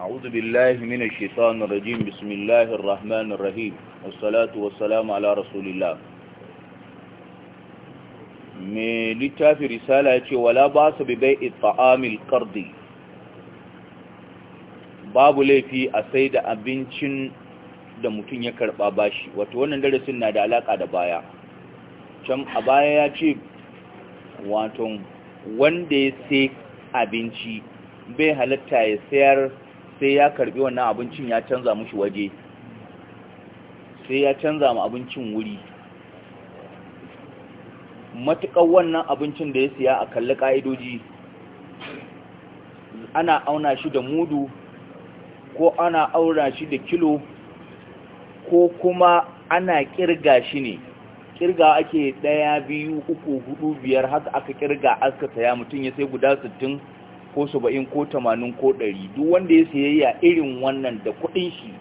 أعوذ بالله من الشيطان الرجيم بسم الله الرحمن الرحيم والصلاة والسلام على رسول الله mai littafi risala ya ce wala ba su bibai ita'amil kardi babu laifi a sai da abincin da mutum ya karba bashi wato wannan darasin na da alaka da baya can a baya ya ce wato wanda ya sai abinci bai halatta ya sayar sai ya karbi wannan abincin ya canza mushi waje sai ya canza ma abincin wuri matuƙar wannan abincin da ya siya a kalli ƙa'idoji ana auna shi da mudu ko ana auna shi da kilo ko kuma ana ƙirga shi ne kirga ake ɗaya biyu uku hudu biyar haka aka kirga aka saya mutum ya sai guda sittin ko saba'in ko tamanin ko ɗari duk wanda ya sayayya irin wannan da kuɗin shi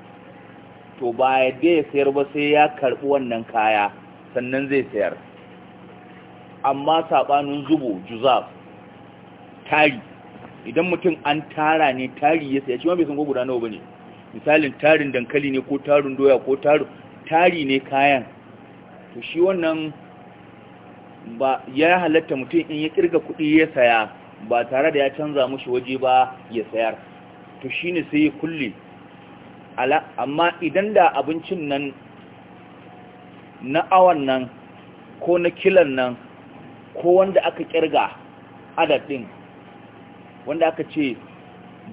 to ba ya da ya sayar ba sai ya karbi wannan kaya sannan zai sayar amma saɓanin zubo juzab tari idan mutum an tara ne tari ya saya shi ma bai san ko guda nawa ba ne misalin tarin dankali ne ko tarin doya ko tarin tari ne kayan to shi wannan ba ya halatta mutum in ya kirga kuɗi ya saya ba tare da ya canza mushi waje ba ya sayar to shine sai ya kulle amma idan da abincin nan na awan nan ko na kilan nan ko wanda aka kirga adadin wanda aka ce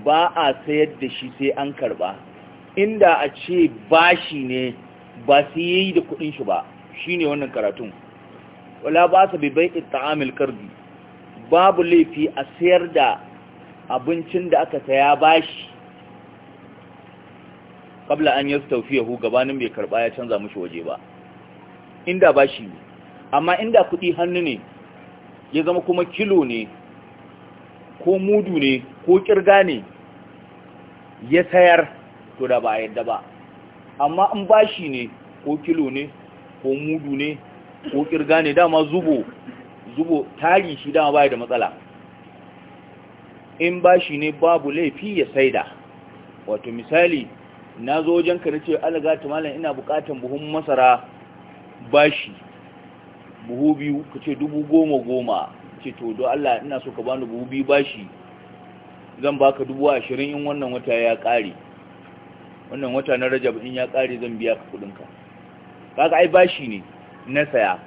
ba a sayar da shi sai an karba inda a ce bashi ne ba sai yi da kudin shi ba shine wannan karatun wala ba su bai ita ta'amil karbi babu laifi a sayar da abincin da aka saya bashi kabla an yi taufiyahu gabanin bai karba ya canza mushi waje ba inda bashi ne amma inda kudi hannu ne ya zama kuma kilo ne ko mudu ne ko kirga ne ya sayar to da ba yadda ba amma in bashi ne ko kilo ne ko mudu ne ko kirga ne dama zubo zubo tari shi dama bai da matsala in bashi ne babu laifi ya saida wato misali na zo wajen ka nace alaga ta malam ina bukatan buhun masara bashi buhu biyu ka ce dubu goma goma ce to don Allah ina so ka bani buhu biyu bashi zan baka dubu ashirin in wannan wata ya kare wannan wata na rajab in ya kare zan biya ka kudinka kaga ai bashi ne na saya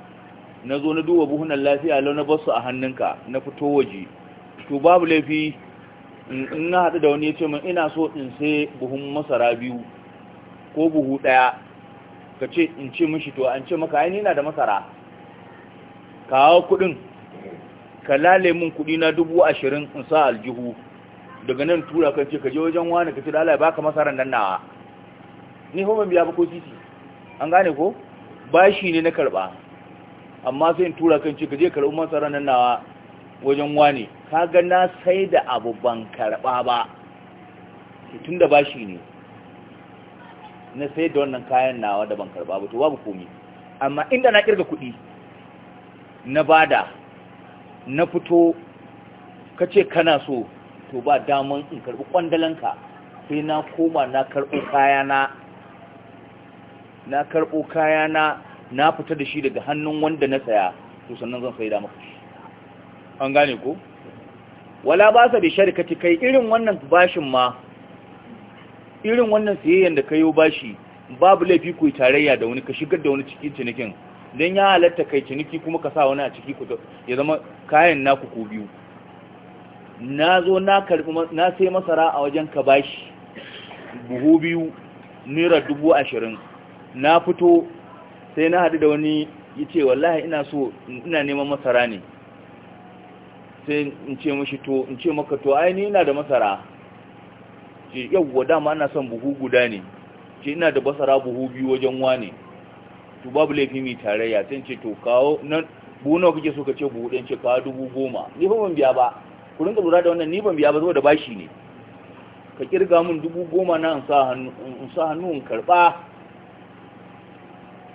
na zo na duba buhunan lafiya lau na basu a hannunka na fito waje to babu laifi in na haɗu da wani ya ce min ina so in sai buhun masara biyu ko buhu ɗaya ka ce in ce mishi to an ce maka aini nina da masara kawo kuɗin ka lale min kuɗi na dubu ashirin in sa aljihu daga nan tura kan ce ka je wajen wani ka ce da Allah ka baka masaran nan nawa ni homin biya ba ko titi an gane ko bashi ne na karɓa amma sai in tura kan ce ka je karɓi masara nan nawa wajen wane kaga na sai da abu ban karɓa ba tun da bashi ne na sai da wannan kayan nawa da ban karɓa ba to babu komi amma inda na kirga kuɗi na bada na fito ka ce kana so to ba daman in karɓi ƙwandalanka sai na koma na karɓo kayana na karɓo kayana na fita da shi daga hannun wanda na saya to sannan zan saida maka shi an gane ko wala ba sa bi sharikati kai irin wannan bashin ma irin wannan siyayyan da kayo bashi babu laifi ku tarayya da wani ka shigar da wani cikin cinikin don ya halatta kai ciniki kuma ka sa wani a ciki ya zama kayan naku ko biyu na zo na karbi na sai masara a wajen ka bashi buhu biyu naira dubu ashirin na fito sai na hadu da wani ya ce wallahi ina so ina neman masara ne sai in ce mashi to in ce maka to ai ni ina da masara ce yawwa dama ana son buhu guda ne ce ina da basara buhu biyu wajen wane to babu laifi mai tarayya sai ce to kawo nan buhu nawa kake so ka ce buhu ɗin ce kawo dubu goma ni fa ban biya ba ku rinka lura da wannan ni ban biya ba saboda bashi ne ka kirga min dubu goma na in sa hannu in karɓa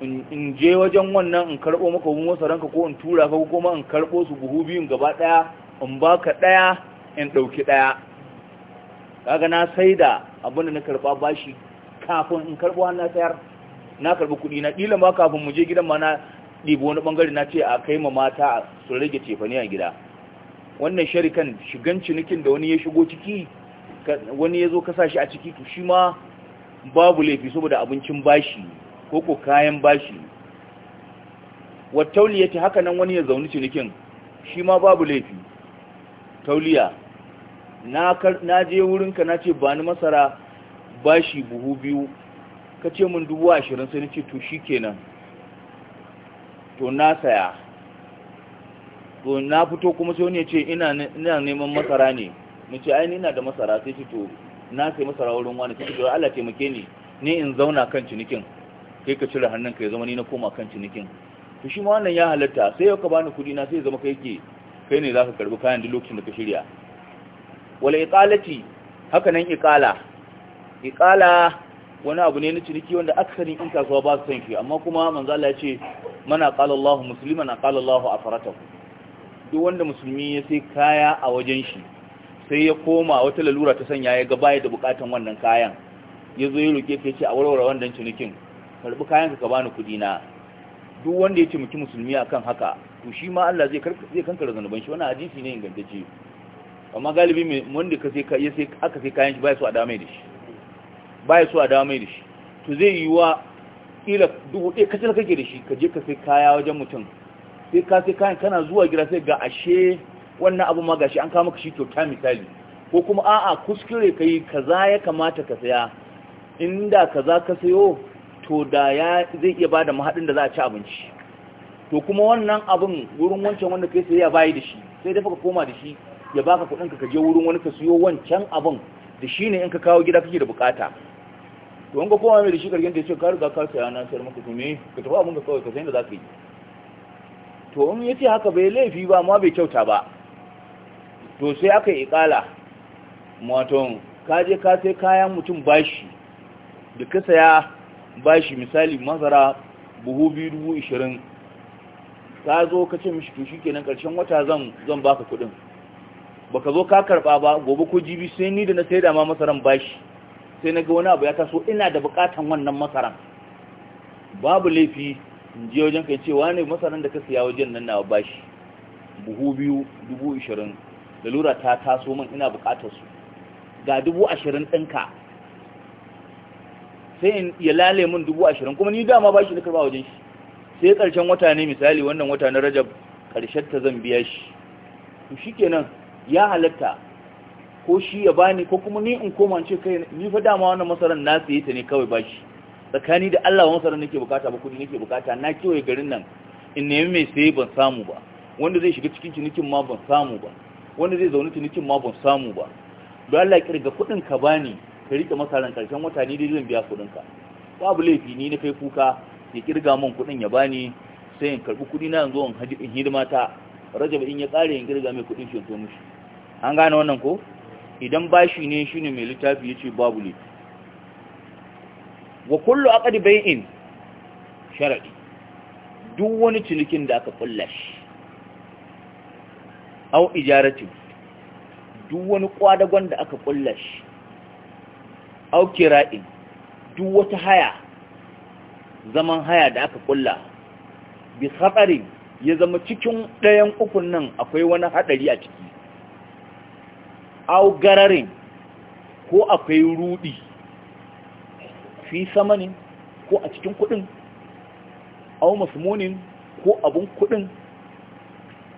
in je wajen wannan in karɓo maka buhun masaranka ko in tura ka kuma in karɓo su buhu biyun gaba ɗaya in baka ɗaya in ɗauki ɗaya kaga na sai da abinda na karɓa bashi kafin in karɓo har na sayar na karɓi kuɗi na ɗila ba kafin mu je gidan ma na ɗibi wani ɓangare na ce a kai ma mata su rage cefane a gida wannan sharikan shigan cinikin da wani ya shigo ciki wani ya zo kasa shi a ciki to shi ma babu laifi saboda abincin bashi ko ko kayan bashi wa tauliyati haka nan wani ya zauni cinikin shi ma babu laifi tauliya na je wurinka na ce ba ni masara bashi buhu biyu ka ce min dubu ashirin sai ce to shi kenan to na saya to na fito kuma sai wani ya ce ina neman masara ne na ce ainihin ina da masara sai ce to na sai masara wurin wani sai ce to Allah taimake ni ne in zauna kan cinikin kai ka cire hannunka ya zama ni na koma kan cinikin to shi ma wannan ya halatta sai yau ka bani kudi na sai zama kai ke kai ne zaka karbi kayan duk lokacin da ka shirya wala iqalati haka nan iqala iqala wani abu ne na ciniki wanda aksarin in kasuwa ba su san shi amma kuma manzo Allah ya ce mana qala Allahu musliman qala Allahu afaratahu duk wanda musulmi ya sai kaya a wajen shi sai ya koma wata lalura ta sanya ya ga baya da bukatan wannan kayan yazo ya roke kai ce a warware wannan cinikin karbi kayan ka bani kudi na duk wanda ya ce musulmi akan haka to shi ma Allah zai zai kankara zanuban shi wannan hadisi ne ingantacce amma galibi mai wanda ka sai ka sai aka sai kayan shi bai so a dawo da shi bai so a da shi to zai yi wa ila dubu ɗaya kacal kake da shi ka je ka sai kaya wajen mutum sai ka sai kayan kana zuwa gida sai ga ashe wannan abu ma gashi an kama maka shi ta misali ko kuma a'a kuskure kai kaza ya kamata ka saya inda kaza ka sayo to da ya zai iya bada mahadin da za a ci abinci to kuma wannan abin wurin wancan wanda kai sai ya bayi da shi sai dafa ka koma da shi ya baka kudin ka je wurin wani ka siyo wancan abin da shi ne in ka kawo gida kake da bukata to in ka koma mai da shi kargen da ya ce ka riga ka saya na sayar maka to me ka tafi abin ka kawai ka san da za ka yi to in ya ce haka bai laifi ba amma bai kyauta ba to sai aka yi ikala wato ka je ka sai kayan mutum bashi da ka saya bashi misali masara buhu biyu dubu ishirin ka zo ka ce mishi to shi kenan ƙarshen wata zan zan baka kuɗin baka zo ka karba ba gobe ko jibi sai ni da na sai da ma masaran bashi sai na ga wani abu ya taso ina da bukatan wannan masaran babu laifi in je wajen kai cewa ne masaran da ka siya wajen nan na bashi buhu biyu dubu ishirin lalura ta taso min ina buƙatar su ga dubu ashirin ɗinka sai ya lale min dubu ashirin kuma ni dama ba shi na karba wajen shi sai ƙarshen wata ne misali wannan wata na rajab ƙarshen ta zan biya shi to shi kenan ya halatta ko shi ya bani ko kuma ni in koma ce kai ni fa dama wannan masarar na tsaye ta ne kawai ba shi tsakani da Allah wannan masarar nake bukata ba kudi nake bukata na kiwaye garin nan in nemi mai saye ban samu ba wanda zai shiga cikin cinikin ma ban samu ba wanda zai zaune cinikin ma ban samu ba don Allah kirga kudin ka bani ka rike masa karshen wata ne dai zan biya kuɗinka. babu laifi ni na kai kuka ya kirga min kuɗin ya bani sai in karɓi kuɗi na yanzu in haji in hidima ta rajab in ya ƙare in kirga mai kuɗin shi to mishi an gane wannan ko idan bashi ne shine mai littafi yace babu laifi wa kullu aqdi bay'in sharadi duk wani cinikin da aka kulla shi au ijaratin duk wani kwadagon da aka kulla shi ra'in duk wata haya zaman haya da aka kulla bi hatsarin ya zama cikin ɗayan ukun nan akwai wani haɗari a ciki Augararin ko akwai rudi fi samanin ko a cikin kuɗin au ko abun kuɗin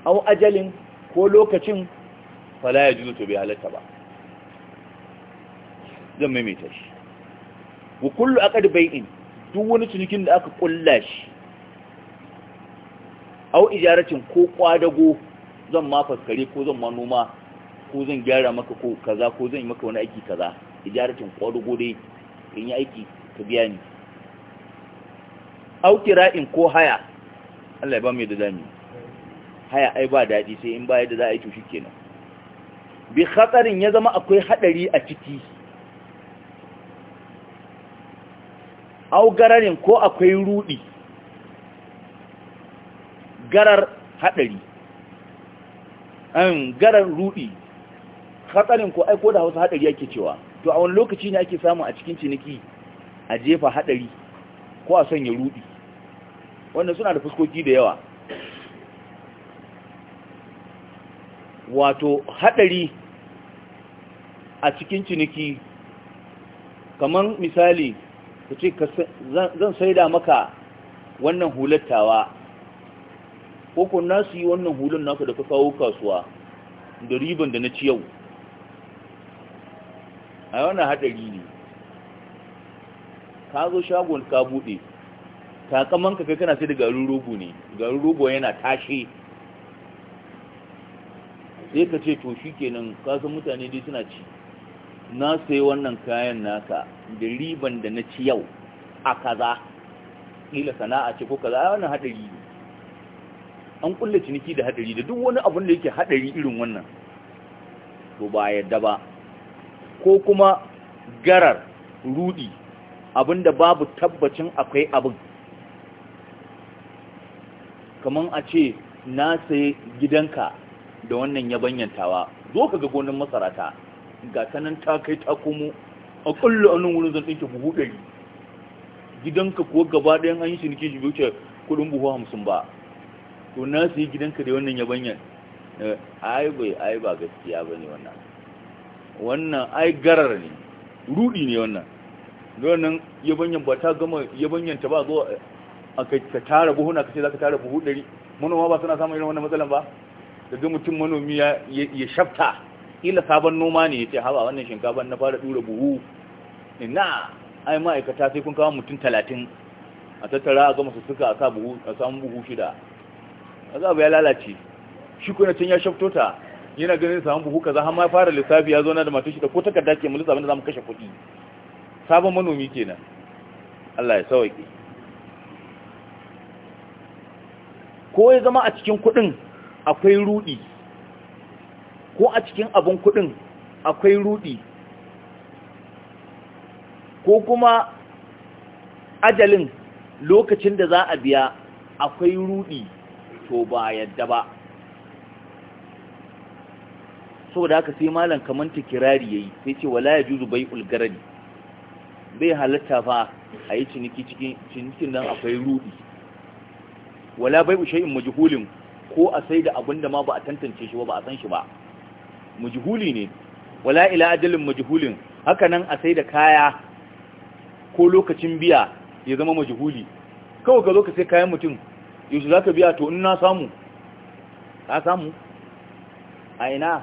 au ajalin ko lokacin fala ya juzo to bai halatta ba zan maimaita shi wa kullu aqad bay'in duk wani cinikin da aka kulla shi au ijaratin ko kwadago zan ma faskare ko zan ma noma ko zan gyara maka ko kaza ko zan yi maka wani aiki kaza ijaratin kwadago dai in yi aiki ka biya ni au kira'in ko haya Allah ya ba mu da zamu haya ai ba daɗi sai in ba yadda za a yi to shikenan bi khatarin ya zama akwai hadari a ciki au gararin ko akwai rudi garar hadari an garar rudi hatsarin ko aiko da hausa haɗari yake cewa to a wani lokaci ne ake samu a cikin ciniki a jefa haɗari ko a sanya rudi wannan suna da fuskoki da yawa wato haɗari a cikin ciniki kamar misali ku ce zan saida maka wannan hulattawa ko ku na su yi wannan hulun naka da ka kawo kasuwa da riban da na ci yau a na haɗari ne ka zo shagon ka buɗe takamanka kai kana sai da garin rogo ne garin rogo yana tashe sai ka ce to shi kenan kasan mutane dai suna ci na sayi wannan kayan naka da riban da na ci yau a kaza ƙila sana'a ce ko kaza wannan haɗari ne an kulle ciniki da haɗari da duk wani abin da yake haɗari irin wannan to ba yadda ba ko kuma garar rudi abinda babu tabbacin akwai abin kaman a ce na sayi gidanka da wannan yabanyantawa zo ka ga gonin masarata ga sanan nan ta kai ta komo a kullu a nan wurin zan ɗinke buhu ɗari gidanka kuwa gaba ɗayan an yi ciniki shi wuce kuɗin buhu hamsin ba to na su yi gidanka da wannan yabanyan eh, ai bai ai ba gaskiya ba ne wannan wannan ai garar ne ruɗi ne wannan don nan yabanyan ba ta gama yabanyan ta ba zuwa a kai ka tara buhu ka ce za ka tara buhu ɗari manoma ba suna samun irin wannan matsalan ba daga mutum manomi ya shafta kila sabon noma ne ya ce hawa wannan shinkafa na fara dura buhu ina ai ma'aikata sai kun kawo mutum talatin a tattara a gama su suka a sa buhu a buhu shida a za ya lalace shi kuna can ya shafto ta yana ganin samun buhu kaza har ma fara lissafi ya zo na da matan shi ko takarda ke mulisa lissafin da mu kashe kuɗi sabon manomi kenan Allah ya sauke ko ya zama a cikin kuɗin akwai ruɗi. ko a cikin abin kuɗin akwai rudi ko kuma ajalin lokacin da za a biya akwai rudi to ba yadda ba saboda haka sai malam kaman ta kirari yayi sai ce wala ya juzu bai Ulgarani. bai halatta fa yi ciniki cikin cinikin nan akwai rudi wala bai ushe in majihulin ko a sai da abinda ma ba a tantance shi ba ba a san shi ba majhuli ne wala ila ajalin majhulin haka nan a sai da kaya ko lokacin biya ya zama majhuli kawai ka zo ka sai kayan mutum yanzu za ka biya to in na samu ka samu a ina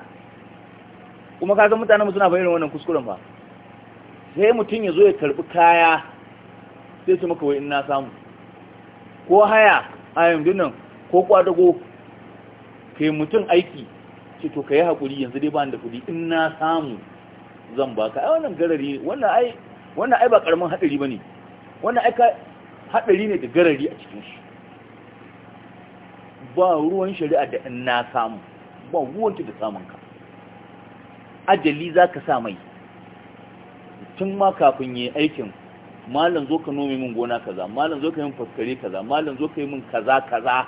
kuma ka san mutanen suna bayan wannan kuskuren ba sai mutum ya zo ya karbi kaya sai su maka wai in na samu ko haya a yanzu nan ko kwadago ke mutum aiki ce to ka yi haƙuri yanzu dai ba da kuɗi in na samu zan ba ka ai wannan garari wannan ai wannan ai ba ƙaramin haɗari ba ne wannan ai ka haɗari ne da garari a cikin shi ba ruwan shari'a da in na samu ba ruwanta da samun ka ajali za ka sa mai tun ma kafin yi aikin malam zo ka nome min gona kaza malam zo ka yi min faskare kaza malam zo ka yi min kaza kaza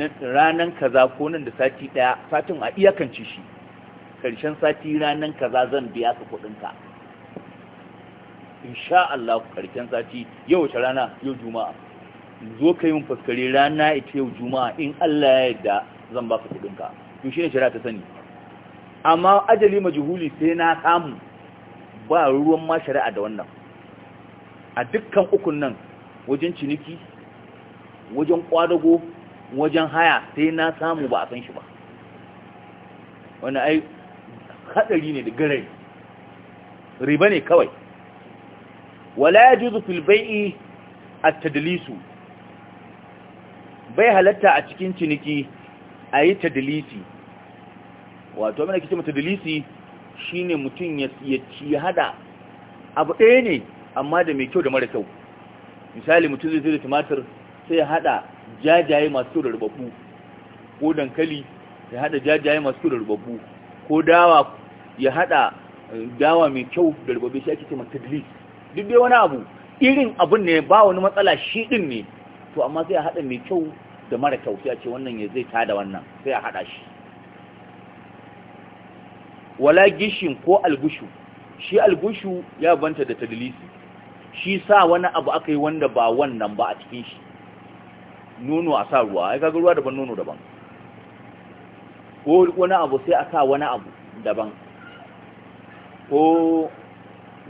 ranan kaza ko nan da sati daya satin a iyakance shi karshen sati ranan kaza zan biya ka kuɗin ka insha Allah karshen sati yau wace rana yau juma'a zo ka yi fuskare rana ita yau juma'a in Allah ya yarda zan baka kuɗinka. ka to shine shari'a ta sani amma ajali majhuli sai na samu ba ruwan ma shari'a da wannan a dukkan ukun nan wajen ciniki wajen kwadago wajen haya sai na samu ba a san shi ba wani ai hadari ne da garai riba ne kawai wala ya fil bai'i at-tadlisu bai halatta a cikin ciniki ayi tadlisi wato mana kice shi shine mutum ya ci hada abu ɗaya ne amma da mai kyau da mara kyau misali mutum zai zai tumatir sai ya hada jajaye masu rarrabu ko dankali ya hada jajaye masu rarrabu ko dawa ya hada eh, dawa mai kyau da rarrabe shi ake cewa tadlis duk dai wani abu irin abun ne ba wani matsala shi din ne to amma sai ya hada mai kyau da mara kyau sai a ce wannan ya zai tada wannan sai a hada shi wala gishin ko algushu shi algushu ya banta da tadlisi shi sa wani abu aka yi wanda ba wannan ba a cikin shi nono a sa ruwa ai kaga ruwa daban nono daban ko wani abu sai a sa wani abu daban ko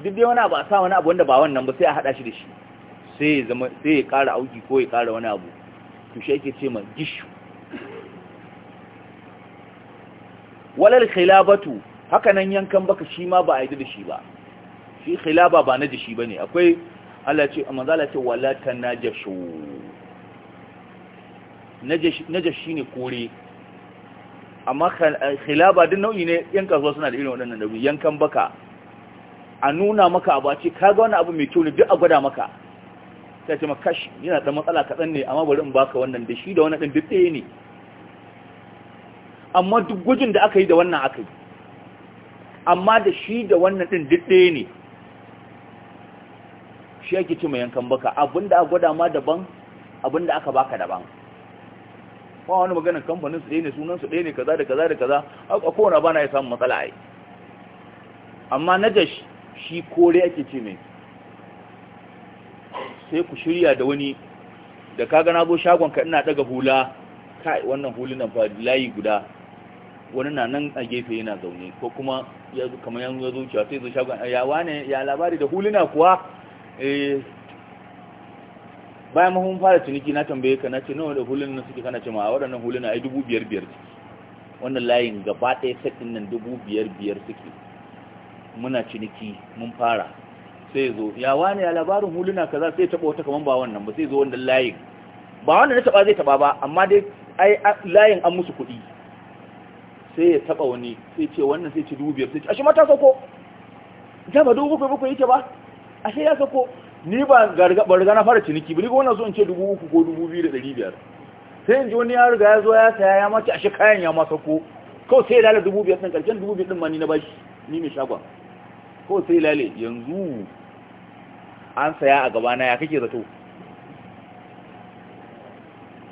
duk dai wani abu a sa wani abu wanda ba wannan ba sai a hada shi da shi sai ya zama sai ya kara auki ko ya kara wani abu to shi yake ce ma gishu walal khilabatu haka nan yankan baka shi ma ba a yi da shi ba shi khilaba ba na da shi bane akwai Allah ce amma Allah wala tanajashu najas shi ne kore amma khilaba duk nau'i ne yan kasuwa suna da irin waɗannan dabi yankan baka a nuna maka abu a ce ka ga wani abu mai kyau ne duk a gwada maka ta ce makash yana da matsala kaɗan ne amma bari in baka wannan da shi da wannan ɗin duk ɗaya ne amma duk gwajin da aka yi da wannan aka yi amma da shi da wannan ɗin duk ɗaya ne shi ake ce mai yankan baka abinda a gwada ma daban abinda aka baka daban ba wani magana kamfanin su ɗaya ne sunan su ɗaya ne kaza da kaza da kaza a kowane bana ya samu matsala yi amma najash shi kore ake ce mai sai ku shirya da wani da kaga na zo shagon ka ina daga hula kai wannan hulunan fa layi guda wani na nan a gefe yana zaune ko kuma ya kamar yanzu ya zo cewa sai zo shagon ya wane ya labari da huluna kuwa eh bayan mun fara ciniki na tambaye ka na ce nawa da hulun nan suke kana ce ma a waɗannan hulun ai dubu biyar biyar ce wannan layin gaba ɗaya sakin nan dubu biyar biyar suke muna ciniki mun fara sai zo ya wani ya labarin huluna kaza sai taɓa wata kaman ba wannan ba sai zo wannan layin ba wanda na taɓa zai taɓa ba amma dai ai layin an musu kuɗi sai ya taɓa wani sai ce wannan sai ce dubu biyar sai ce ashe ma ta sauko ja ba dubu bakwai bakwai yake ba a sai ya sauko ni ba riga na fara ciniki ba ni wannan in ce dubu uku ko dubu biyu da dari biyar sai in ji wani ya riga ya zo ya saya ya mace ashe kayan ya masa ko kawai sai lale dubu biyar ɗin ƙarshen dubu biyar ɗin ma ni na bashi ni mai shagon ko sai lale yanzu an saya a gabana ya kake zato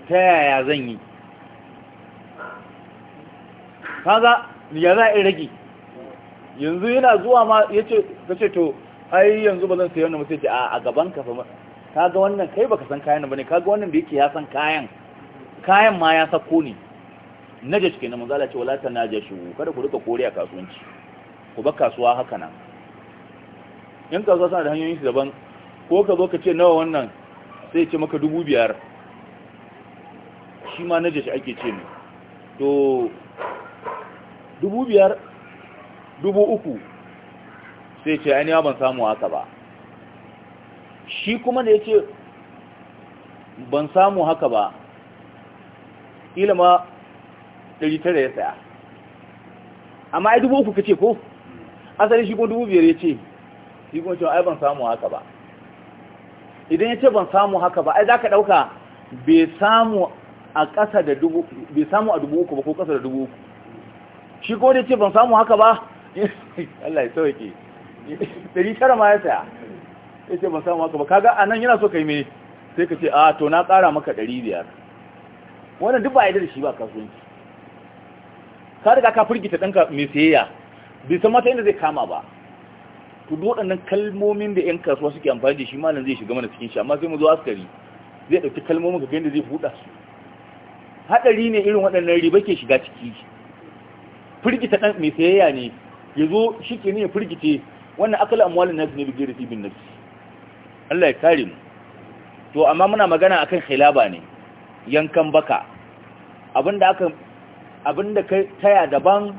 ta yaya zan yi kaga ya za a yi rage yanzu yana zuwa ma ya ce to ai yanzu ba zan sayi wannan mutum ce a a gaban ka fa kaga wannan kai baka san kayan bane kaga wannan da yake ya san kayan kayan ma ya sako ne Naje kenan manzo Allah ce wala ta naje shi kada ku rika kore a kasuwanci ku ba kasuwa haka nan in kasuwa suna da hanyoyin daban ko ka zo ka ce nawa wannan sai ce maka dubu biyar shi ma shi ake ce ne to dubu biyar dubu uku sai ce ainihi ban samu haka ba shi kuma da ya ce ban samu haka ba ɗari 900 ya saya amma ai dubu uku kace ko asali shi kuma dubu biyar ya ce shi kuma cewa ai ban samu haka ba idan ya ce ban samu haka ba ai za ka ɗauka bai samu a ƙasa da dubu bai samu a dubu uku ba ko ƙasa da dubu uku shi kuma da ce ban samu haka ba Allah ya sauke ɗari tara ma ya saya ya ce ban samu haka ba kaga a nan yana so ka yi mai sai ka ce a to na ƙara maka ɗari biyar wannan duk ba a da shi ba kasuwanci ka riga ka firgita ɗanka mai sayayya bai san mata inda zai kama ba to duk waɗannan kalmomin da 'yan kasuwa suke amfani da shi malam zai shiga mana cikin shi amma sai mu zo askari zai ɗauki kalmomin ka ga yadda zai buɗa su haɗari ne irin waɗannan riba ke shiga ciki firgita ɗan mai sayayya ne ya zo shi ke ne ya firgita. wannan akala amwalin nasu ne bigiri ibn nasu Allah ya kare mu to amma muna magana akan khilaba ne yankan baka abinda aka taya daban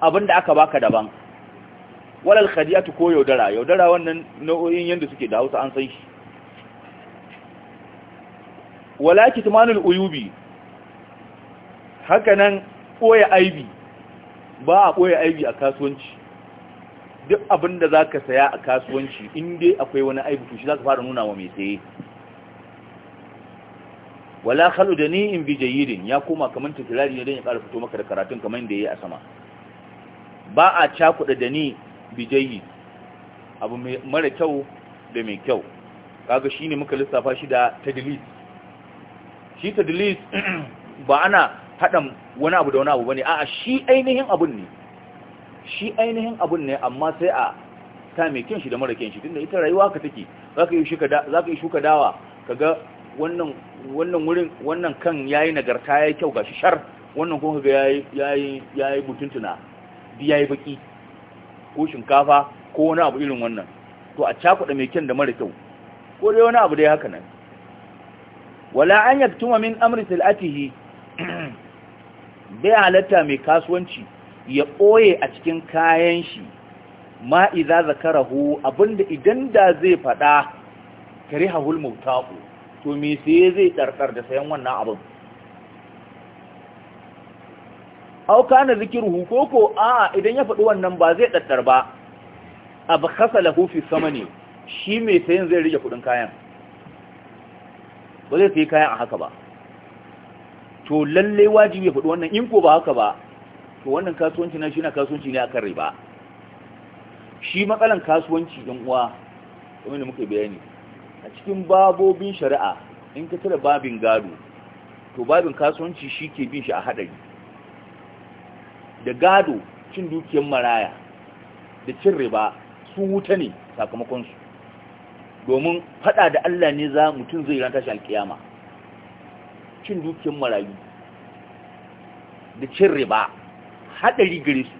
abinda aka baka daban walal khadiyatu ko yaudara yaudara wannan nau'o'in yadda suke da Hausa an san shi wala kitmanul uyubi Haka hakanan koya aibi ba a koya aibi a kasuwanci duk abin da za ka saya a kasuwanci inda akwai wani aibutu shi za ka fara nuna wa mai saye wala khalu da ni in bi jayyidin ya koma kamar tikirari ne don ya ƙara fito maka da karatun kamar da ya yi a sama ba a cakuɗa da ni bi abu mara kyau da mai kyau kaga shi ne muka lissafa shi da tadlis shi tadlis ba ana haɗa wani abu da wani abu ba ne a shi ainihin abun ne shi ainihin abun ne amma sai a ta mai kyan shi da mara kyan shi tunda ita rayuwa ka take za ka yi shuka dawa ka ga wannan wurin wannan kan ya yi nagarta ya yi kyau ga shar wannan kuma ga ya yi mutuntuna biya yi baki ko shinkafa ko wani abu irin wannan to a cakuɗa mai kyan da mara kyau ko dai wani abu dai haka nan wala an yaktuma min amri sil'atihi bai halatta mai kasuwanci ya ɓoye a cikin kayan shi ma iza hu abinda idan da zai faɗa kare hahul mautaku to me sai zai ɗarɗar da sayan wannan abin auka na zikiruhu ko a idan ya faɗi wannan ba zai ɗarɗar ba a ba kasa lahufi sama ne shi mai sayan zai rige kudin kayan ba zai sai kayan a haka ba to lallai wajibi ya faɗi wannan in ko ba haka ba to wannan kasuwanci na shi na kasuwanci ne akan riba shi matsalan kasuwanci ɗan uwa kamar da muka bayani a cikin babobin shari'a in ka tara babin gado to babin kasuwanci shi ke bin shi a haɗari da gado cin dukiyar maraya da cin riba su wuta ne sakamakonsu domin faɗa da Allah ne za mutum zai ranta shi alkiyama cin dukiyar marayu da cin riba haɗari gare su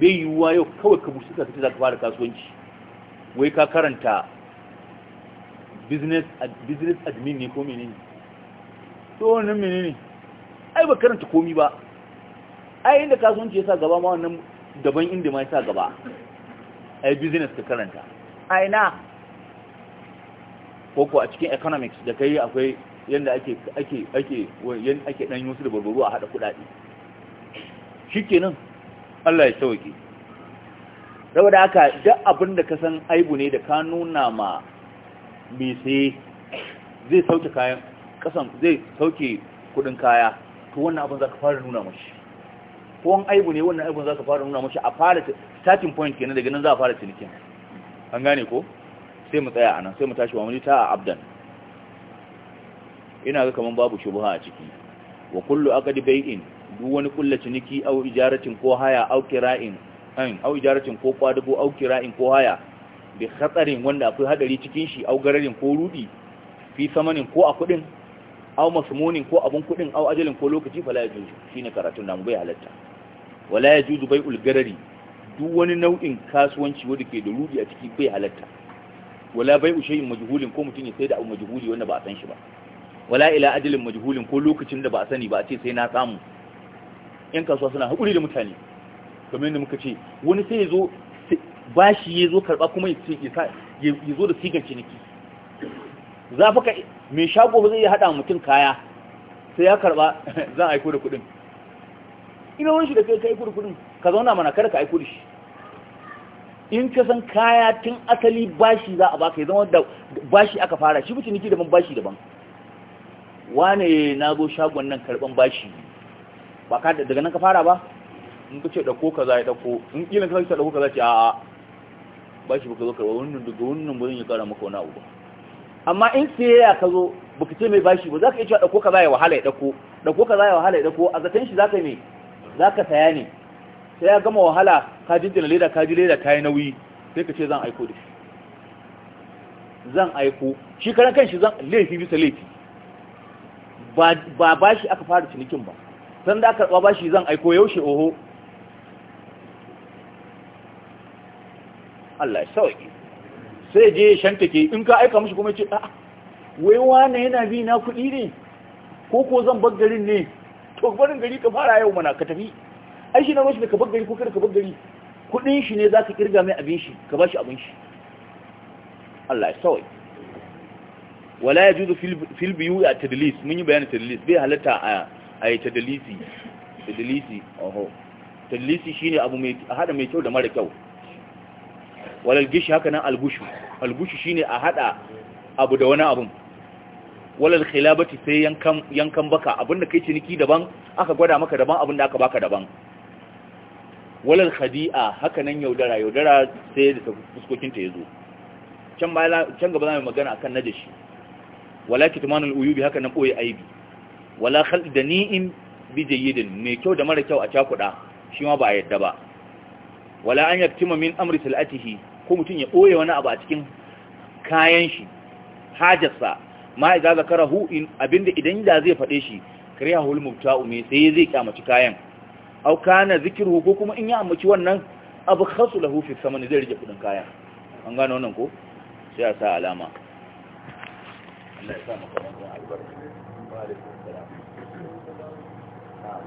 bai yiwuwa yau kawai ka busu ka za ka fara kasuwanci wai ka karanta business admin ne ko menene to wannan menene ai ba karanta komi ba ai inda kasuwanci ya sa gaba ma wannan daban inda ma ya sa gaba ai business ka karanta ai na koko a cikin economics da kai akwai yadda ake ake ake ake dan yusu da barbaru a hada kudade shikenan Allah ya sauke saboda haka duk abin da ka san aibu ne da ka nuna ma mai sai zai sauke kayan kasan zai sauke kudin kaya to wannan abin za ka fara nuna mashi ko an aibu ne wannan aibun za ka fara nuna mashi a fara starting point kenan daga nan za a fara cinikin an gane ko sai mu tsaya a nan sai mu tashi wa ta a abdan ina ga kaman babu shubuha a ciki wa kullu aqdi bai'in duk wani kulla ciniki au ijaratin ko haya au kira'in an au ijaratin ko kwadugo au kira'in ko haya bi khatarin wanda akwai hadari cikin shi au gararin ko rudi fi samanin ko a kudin au masmunin ko abun kudin au ajalin ko lokaci fala yajuzu shine karatun namu bai halatta wala yajuzu bai'ul garari duk wani nau'in kasuwanci wanda ke da rudi a ciki bai halatta wala bai'u shay'in majhulin ko mutun ya sai da abu majhuli wanda ba a san shi ba wala ila ajalin majhulin ko lokacin da ba a sani ba a ce sai na samu yan kasuwa suna haƙuri da mutane kamar yadda muka ce wani sai ya zo bashi ya zo karɓa kuma ya zo da sigan ciniki za fa ka mai shago zai yi haɗa mutum kaya sai ya karɓa zan aiko da kuɗin ina wani shi da kai ka aiko da kuɗin ka zauna mana kada ka aiko da shi in ka san kaya tun asali bashi za a baka ya zama da bashi aka fara shi ciniki daban bashi daban wane na zo shagon nan karɓan bashi ba ka daga nan ka fara ba in ka ce ɗauko ka za ya ɗauko in ƙilin ka ta ɗauko ka za ce a'a ba shi baka zo ka wannan daga wannan ba zan yi ƙara maka wani abu ba amma in ya ka zo baka ce mai bashi ba za ka iya cewa ɗauko ka za ya wahala ya ɗauko ɗauko ka za ya wahala ya ɗauko a zaton shi za ka ne za ka saya ne sai ya gama wahala ka jinjina leda ka ji leda ta yi nauyi sai ka ce zan aiko da shi zan aiko shi karan kan shi zan laifi bisa laifi ba ba shi aka fara cinikin ba san da karɓa bashi zan aiko yaushe oho Allah ya sauki sai je shantake in ka aika mishi kuma ce a'a wai wane yana bi na kuɗi ne ko ko zan bar garin ne to barin gari ka fara yau mana ka tafi ai shi na mashi da ka bar gari ko kada ka bar gari kuɗin shi ne za ka kirga mai abin shi ka ba shi abin shi Allah ya sauki wala ya juzu fil biyu a tadlis mun yi bayanin tadlis bai halatta a a yi tadalisi tadalisi oho tadalisi shine abu mai a hada mai kyau da mara kyau walal gishi haka nan algushu algushu shine a hada abu da wani abun walal khilabati sai yankan yankan baka abinda kai ciniki daban aka gwada maka daban abinda aka baka daban walal khadi'a haka nan yaudara yaudara sai da fuskokin ta yazo can gaba can gaba zamu magana akan najashi walaki tumanul uyubi haka nan koyi aibi wala khal da ni'in bi jayyidin mai kyau da mara kyau a cakuɗa, shi ma ba a yadda ba wala an yaktima min amri salatihi ko mutum ya boye wani abu a cikin kayan shi hajarsa ma idza zakarahu in abinda idan da zai faɗe shi karihul mubta'u me sai zai kyamaci kayan au kana zikiru ko kuma in ya ammaci wannan abu khasu lahu fi samani zai rike kudin kayan an gano wannan ko sai a sa alama Allah ya sa maka wannan albarka a